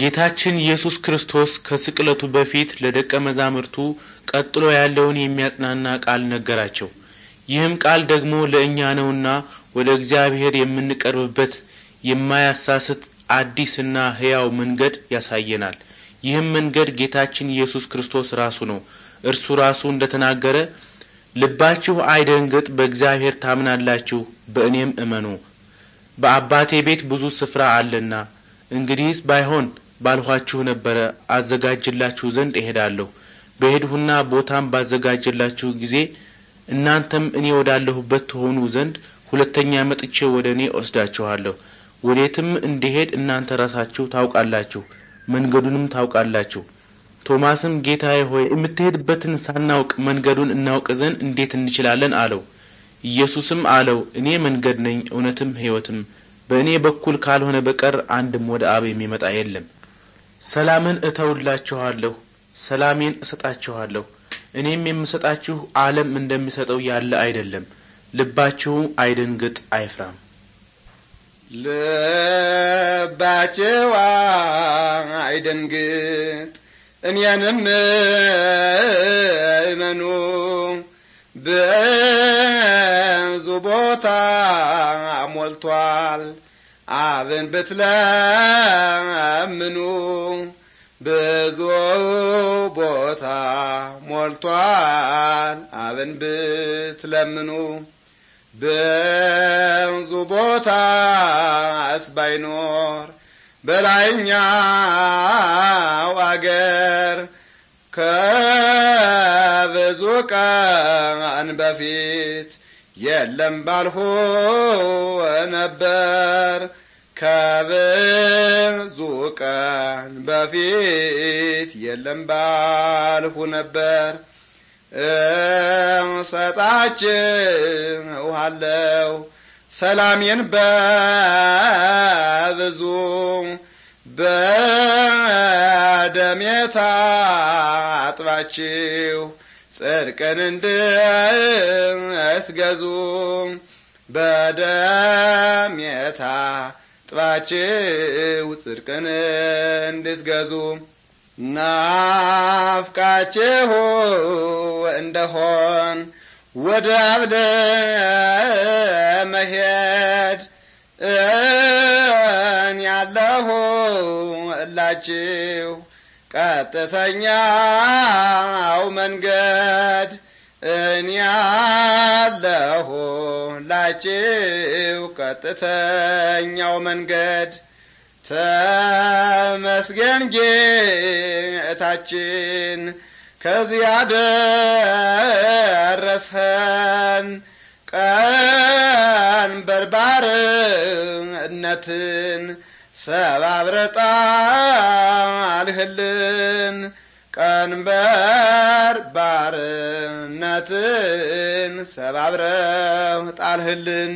ጌታችን ኢየሱስ ክርስቶስ ከስቅለቱ በፊት ለደቀ መዛሙርቱ ቀጥሎ ያለውን የሚያጽናና ቃል ነገራቸው። ይህም ቃል ደግሞ ለእኛ ነውና ወደ እግዚአብሔር የምንቀርብበት የማያሳስት አዲስና ሕያው መንገድ ያሳየናል። ይህም መንገድ ጌታችን ኢየሱስ ክርስቶስ ራሱ ነው። እርሱ ራሱ እንደ ተናገረ ልባችሁ አይደንግጥ፣ በእግዚአብሔር ታምናላችሁ፣ በእኔም እመኑ። በአባቴ ቤት ብዙ ስፍራ አለና እንግዲህስ ባይሆን ባልኋችሁ ነበረ አዘጋጅላችሁ ዘንድ እሄዳለሁ። በሄድሁና ቦታም ባዘጋጅላችሁ ጊዜ እናንተም እኔ ወዳለሁበት ትሆኑ ዘንድ ሁለተኛ መጥቼ ወደ እኔ ወስዳችኋለሁ። ወዴትም እንዲሄድ እናንተ ራሳችሁ ታውቃላችሁ፣ መንገዱንም ታውቃላችሁ። ቶማስም ጌታዬ ሆይ የምትሄድበትን ሳናውቅ መንገዱን እናውቅ ዘንድ እንዴት እንችላለን? አለው። ኢየሱስም አለው እኔ መንገድ ነኝ፣ እውነትም ሕይወትም በእኔ በኩል ካልሆነ በቀር አንድም ወደ አብ የሚመጣ የለም። ሰላምን እተውላችኋለሁ፣ ሰላሜን እሰጣችኋለሁ። እኔም የምሰጣችሁ ዓለም እንደሚሰጠው ያለ አይደለም። ልባችሁ አይደንግጥ፣ አይፍራም። ልባችሁ አይደንግጥ፣ እኔንም እመኑ ይላል አብን ብትለምኑ ብዙ ቦታ ሞልቷል። አብን ብትለምኑ ብዙ ቦታ ባይኖር በላይኛው አገር ከብዙ ቀን በፊት የለም ባልሆ ነበር ከብዙ ቀን በፊት የለም ባልሁ ነበር እሰጣችኋለሁ ሰላሜን በብዙ በደሜ ታጥባችሁ ጽድቅን እንድትገዙ በደሜታ ጥባችሁ ጽድቅን እንድትገዙ ናፍቃችሁ እንደሆን ወደ አብ መሄድ እን ያለሁ እላችሁ ቀጥተኛው መንገድ እኔ ላጭው ቀጥተኛው መንገድ ተመስገን ጌታችን ከዚያ ደረሰን ቀን በርባርነትን አልህልን። ቀንበር ባርነትን ሰባብረው ጣልህልን።